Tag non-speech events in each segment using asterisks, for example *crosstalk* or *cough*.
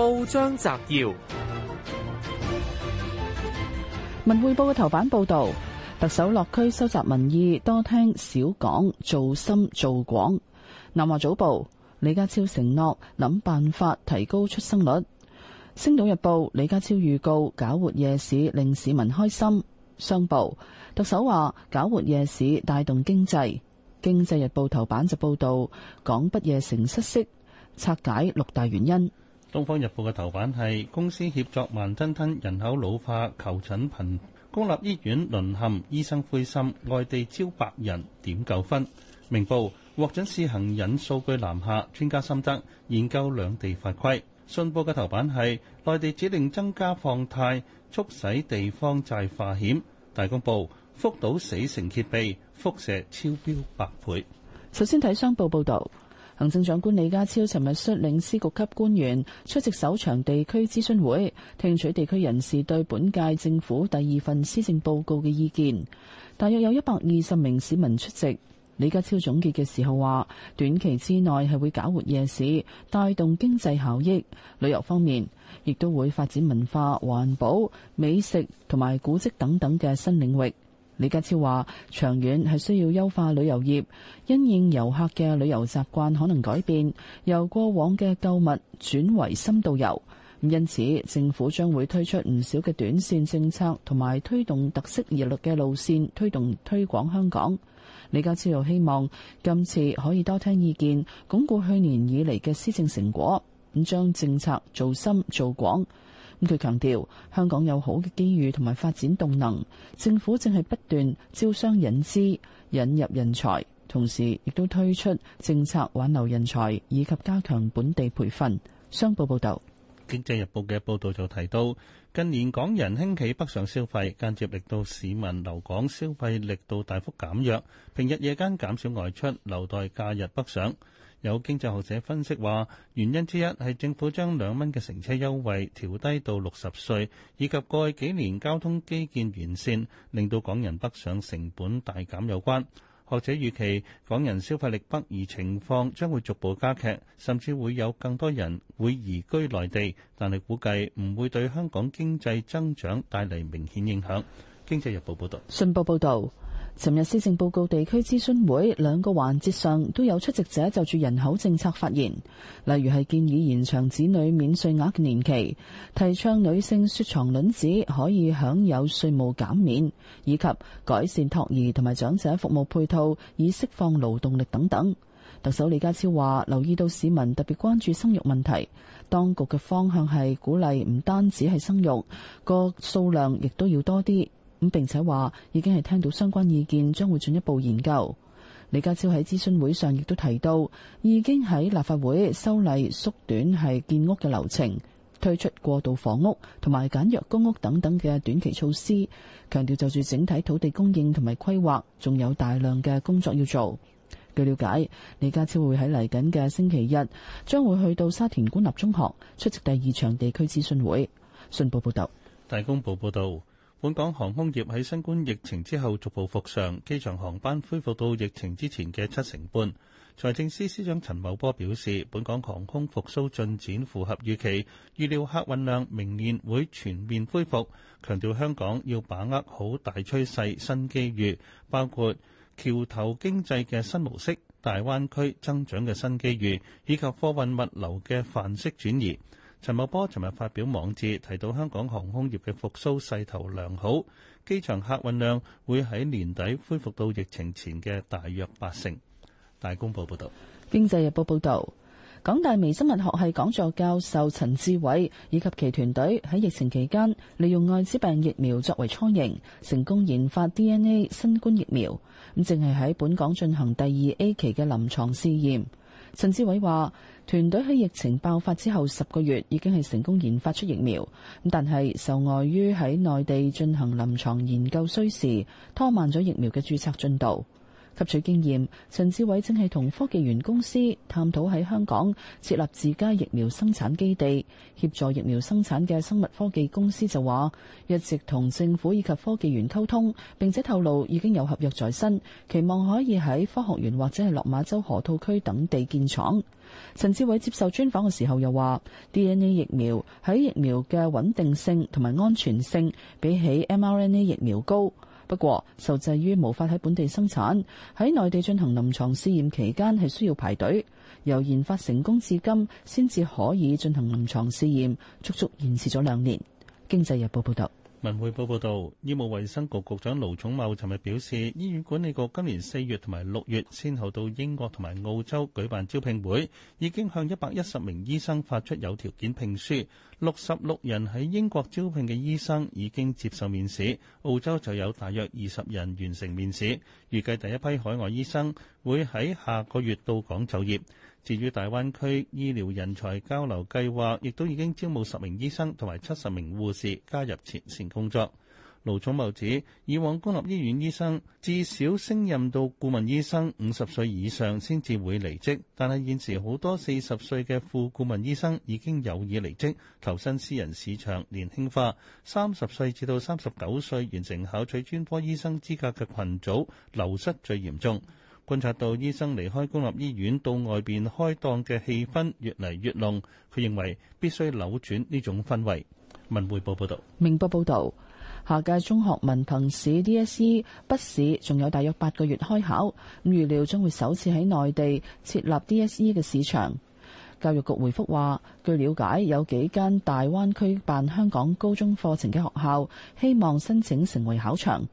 報章摘要：《文匯報》嘅頭版報道，特首落區收集民意，多聽少講，做深做廣。《南華早報》李家超承諾諗辦法提高出生率。《星島日報》李家超預告搞活夜市，令市民開心。《商報》特首話搞活夜市帶動經濟。《經濟日報》頭版就報道港不夜城失色，拆解六大原因。東方日報嘅頭版係公司協作慢吞吞，人口老化求診頻，公立醫院淪陷，醫生灰心。外地招白人點九分。明報獲准試行人數據南下，專家心得研究兩地法規。信報嘅頭版係內地指令增加放貸，促使地方債化險。大公報福島死城揭秘，輻射超標百倍。首先睇商報報道。行政長官李家超尋日率領司局級官員出席首場地區諮詢會，聽取地區人士對本屆政府第二份施政報告嘅意見。大約有一百二十名市民出席。李家超總結嘅時候話，短期之內係會搞活夜市，帶動經濟效益，旅遊方面，亦都會發展文化、環保、美食同埋古蹟等等嘅新領域。李家超話：長遠係需要優化旅遊業，因應遊客嘅旅遊習慣可能改變，由過往嘅購物轉為深度遊。因此，政府將會推出唔少嘅短線政策，同埋推動特色熱力嘅路線，推動推廣香港。李家超又希望今次可以多聽意見，鞏固去年以嚟嘅施政成果，咁將政策做深做廣。佢強調，香港有好嘅機遇同埋發展動能，政府正係不斷招商引資、引入人才，同時亦都推出政策挽留人才以及加強本地培訓。商報報導，《經濟日報》嘅報導就提到，近年港人興起北上消費，間接令到市民留港消費力度大幅減弱，平日夜間減少外出，留待假日北上。有經濟學者分析話，原因之一係政府將兩蚊嘅乘車優惠調低到六十歲，以及過去幾年交通基建完善，令到港人北上成本大減有關。學者預期，港人消費力北移情況將會逐步加劇，甚至會有更多人會移居內地，但係估計唔會對香港經濟增長帶嚟明顯影響。經濟日報報道。信報報道。尋日施政報告地區諮詢會兩個環節上都有出席者就住人口政策發言，例如係建議延長子女免稅額嘅年期，提倡女性雪藏卵子可以享有稅務減免，以及改善托兒同埋長者服務配套以釋放勞動力等等。特首李家超話留意到市民特別關注生育問題，當局嘅方向係鼓勵唔單止係生育，個數量亦都要多啲。咁並且話已經係聽到相關意見，將會進一步研究。李家超喺諮詢會上亦都提到，已經喺立法會修例縮短係建屋嘅流程，推出過渡房屋同埋簡約公屋等等嘅短期措施。強調就住整體土地供應同埋規劃，仲有大量嘅工作要做。據了解，李家超會喺嚟緊嘅星期日，將會去到沙田官立中學出席第二場地區諮詢會。信報報道，大公報報道。本港航空業喺新冠疫情之後逐步復常，機場航班恢復到疫情之前嘅七成半。財政司司長陳茂波表示，本港航空復甦進展符合預期，預料客運量明年會全面恢復。強調香港要把握好大趨勢新機遇，包括橋頭經濟嘅新模式、大灣區增長嘅新機遇，以及貨運物流嘅範式轉移。陳茂波尋日發表網誌，提到香港航空業嘅復甦勢頭良好，機場客運量會喺年底恢復到疫情前嘅大約八成。大公報報道，經濟日報報道，港大微生物學系講座教授陳志偉以及其團隊喺疫情期間，利用艾滋病疫苗作為雛形，成功研發 DNA 新冠疫苗，咁正係喺本港進行第二 A 期嘅臨床試驗。陳志偉話：團隊喺疫情爆發之後十個月，已經係成功研發出疫苗，但係受礙於喺內地進行臨床研究需時，拖慢咗疫苗嘅註冊進度。吸取經驗，陳志偉正係同科技園公司探討喺香港設立自家疫苗生產基地，協助疫苗生產嘅生物科技公司就話一直同政府以及科技園溝通，並且透露已經有合約在身，期望可以喺科學園或者係落馬洲河套區等地建廠。陳志偉接受專訪嘅時候又話 *music* ，DNA 疫苗喺疫苗嘅穩定性同埋安全性比起 mRNA 疫苗高。不過受制於無法喺本地生產，喺內地進行臨床試驗期間係需要排隊，由研發成功至今先至可以進行臨床試驗，足足延遲咗兩年。經濟日報報道。文匯報報道，醫務衛生局局長盧寵茂尋日表示，醫院管理局今年四月同埋六月先後到英國同埋澳洲舉辦招聘會，已經向一百一十名醫生發出有條件聘書，六十六人喺英國招聘嘅醫生已經接受面試，澳洲就有大約二十人完成面試，預計第一批海外醫生會喺下個月到港就業。至於大灣區醫療人才交流計劃，亦都已經招募十名醫生同埋七十名護士加入前線工作。盧寵茂指，以往公立醫院醫生至少升任到顧問醫生五十歲以上先至會離職，但係現時好多四十歲嘅副顧問醫生已經有意離職，投身私人市場。年輕化，三十歲至到三十九歲完成考取專科醫生資格嘅群組流失最嚴重。觀察到醫生離開公立醫院到外邊開檔嘅氣氛越嚟越濃，佢認為必須扭轉呢種氛圍。文匯報報道。明報報道，下屆中學文憑試 DSE 筆試仲有大約八個月開考，咁預料將會首次喺內地設立 DSE 嘅市場。教育局回覆話，據了解有幾間大灣區辦香港高中課程嘅學校希望申請成為考場。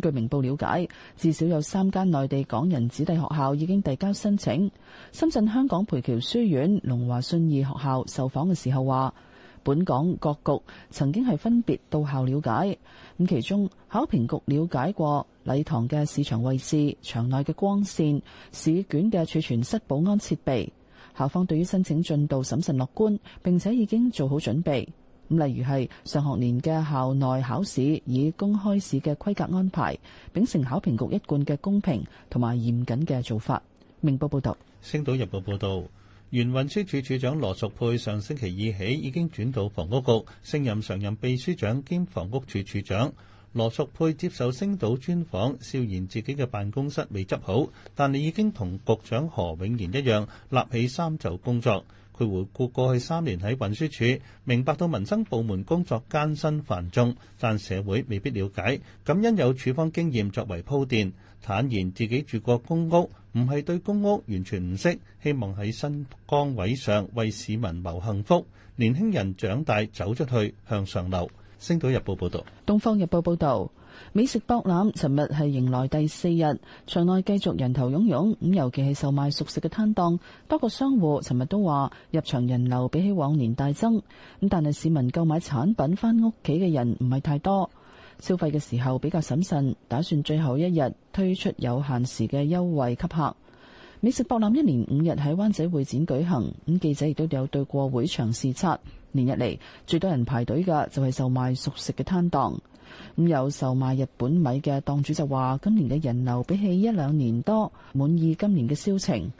據明報了解，至少有三間內地港人子弟學校已經遞交申請。深圳香港培僑書院、龍華信義學校受訪嘅時候話，本港各局曾經係分別到校了解。咁其中考評局了解過禮堂嘅市場位置、場內嘅光線、試卷嘅儲存室保安設備。校方對於申請進度審慎樂觀，並且已經做好準備。例如係上學年嘅校內考試，以公開試嘅規格安排，秉承考評局一貫嘅公平同埋嚴謹嘅做法。明報報道，星島日報報道，原運輸署署長羅淑佩上星期二起已經轉到房屋局，升任常任秘書長兼房屋署署長。羅淑佩接受星島專訪，笑言自己嘅辦公室未執好，但你已經同局長何永賢一樣立起三組工作。佢回顧過去三年喺運輸署，明白到民生部門工作艱辛繁重，但社會未必了解。感恩有處方經驗作為鋪墊，坦言自己住過公屋，唔係對公屋完全唔識。希望喺新崗位上為市民謀幸福。年輕人長大走出去向上流。星島日報報道，東方日報報道，美食博覽尋日係迎來第四日，場內繼續人頭湧湧，咁尤其係售賣熟食嘅攤檔，多個商戶尋日都話入場人流比起往年大增，咁但係市民購買產品返屋企嘅人唔係太多，消費嘅時候比較審慎，打算最後一日推出有限時嘅優惠吸客。美食博覽一連五日喺灣仔會展舉行，咁記者亦都有對過會場視察。連日嚟最多人排隊嘅就係售賣熟食嘅攤檔，咁、嗯、有售賣日本米嘅檔主就話，今年嘅人流比起一兩年多，滿意今年嘅銷情。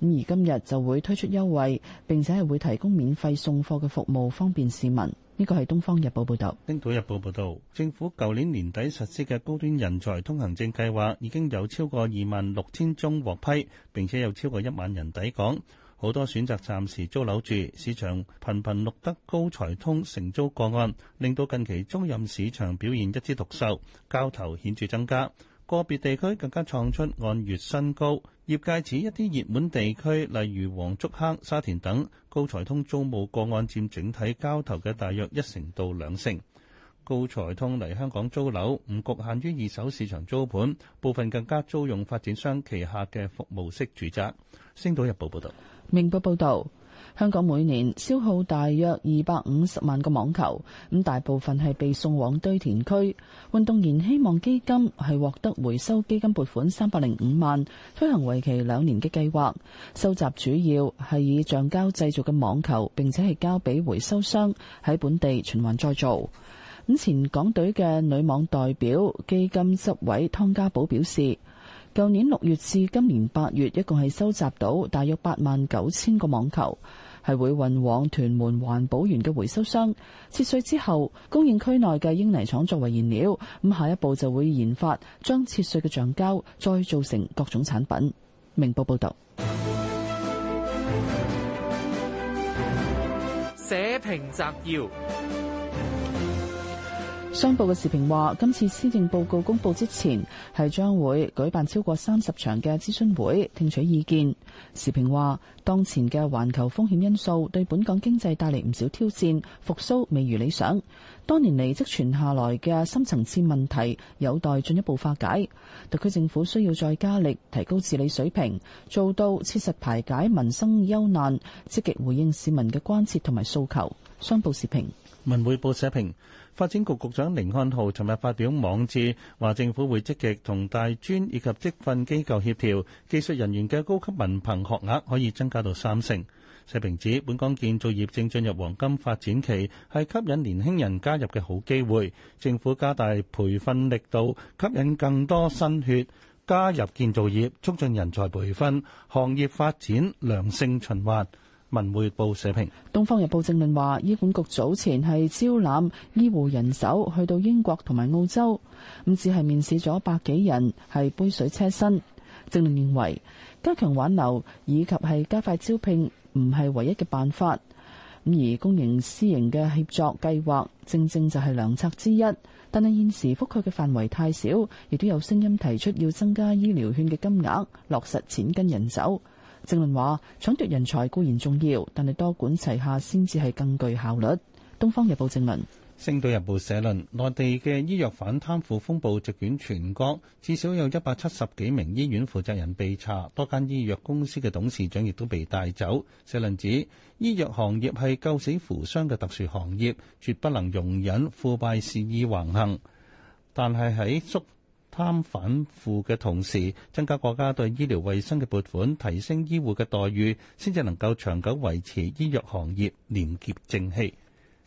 咁、嗯、而今日就會推出優惠，並且係會提供免費送貨嘅服務，方便市民。呢個係《東方日報》報道。《星島日報》報道，政府舊年年底實施嘅高端人才通行證計劃已經有超過二萬六千宗獲批，並且有超過一萬人抵港。好多選擇暫時租樓住，市場頻頻錄得高才通承租個案，令到近期租賃市場表現一枝獨秀，交投顯著增加。個別地區更加創出按月新高。業界指一啲熱門地區，例如黃竹坑、沙田等，高才通租務個案佔整體交投嘅大約一成到兩成。高才通嚟香港租樓，唔局限於二手市場租盤，部分更加租用發展商旗下嘅服務式住宅。星島日報報道：「明報報道，香港每年消耗大約二百五十萬個網球，咁大部分係被送往堆填區。運動員希望基金係獲得回收基金撥款三百零五萬，推行為期兩年嘅計劃，收集主要係以橡膠製造嘅網球，並且係交俾回收商喺本地循環再造。本前港隊嘅女網代表基金執委湯家寶表示，舊年六月至今年八月，一共係收集到大約八萬九千個網球，係會運往屯門環保園嘅回收箱，切碎之後供應區內嘅英泥廠作為燃料。咁下一步就會研發將切碎嘅橡膠再做成各種產品。明報報道。社評摘要。商報嘅時評話：今次施政報告公布之前，係將會舉辦超過三十場嘅諮詢會，聽取意見。時評話，當前嘅環球風險因素對本港經濟帶嚟唔少挑戰，復甦未如理想。多年嚟積存下來嘅深層次問題有待進一步化解。特區政府需要再加力，提高治理水平，做到切實排解民生憂難，積極回應市民嘅關切同埋訴求。商報社評。文匯報社評。發展局局長寧漢豪，尋日發表網誌，話政府會積極同大專以及職訓機構協調，技術人員嘅高級文憑學額可以增加到三成。社評指，本港建造業正進入黃金發展期，係吸引年輕人加入嘅好機會，政府加大培訓力度，吸引更多新血，加入建造業，促進人才培訓，行業發展良性循環。文匯報社評：東方日報正論話，醫管局早前係招攬醫護人手去到英國同埋澳洲，咁只係面試咗百幾人，係杯水車薪。正論認為，加強挽留以及係加快招聘唔係唯一嘅辦法，咁而公營私營嘅協作計劃正正就係良策之一。但係現時覆蓋嘅範圍太少，亦都有聲音提出要增加醫療券嘅金額，落實錢跟人走。正論話搶奪人才固然重要，但係多管齊下先至係更具效率。東方日報正文：「星島日報社論，內地嘅醫藥反貪腐風暴席捲全國，至少有一百七十幾名醫院負責人被查，多間醫藥公司嘅董事長亦都被帶走。社論指醫藥行業係救死扶傷嘅特殊行業，絕不能容忍腐敗肆意橫行。但係喺縮啱反腐嘅同時，增加國家對醫療衛生嘅撥款，提升醫護嘅待遇，先至能夠長久維持醫藥行業廉潔正氣。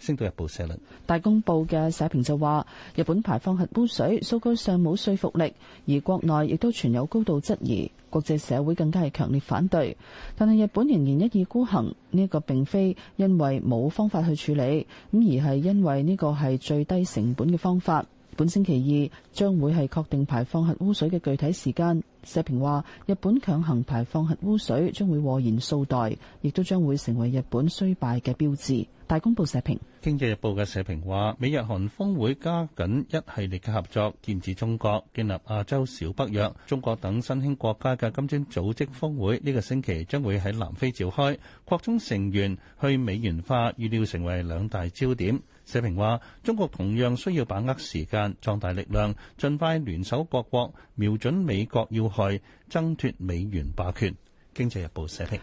《星島日報》社論。大公報嘅社評就話，日本排放核污水數據上冇說服力，而國內亦都存有高度質疑，國際社會更加係強烈反對，但係日本仍然一意孤行，呢一個並非因為冇方法去處理，咁而係因為呢個係最低成本嘅方法。本星期二將會係確定排放核污水嘅具體時間。社評話：日本強行排放核污水將會禍延數代，亦都將會成為日本衰敗嘅標誌。大公報社評，《經濟日報》嘅社評話：美日韓峰會加緊一系列嘅合作，建治中國，建立亞洲小北約。中國等新興國家嘅金磚組織峰會呢，這個星期將會喺南非召開，擴充成員去美元化預料成為兩大焦點。社評話：中國同樣需要把握時間，壯大力量，盡快聯手各國，瞄準美國要害，掙脫美元霸權。經濟日報社評。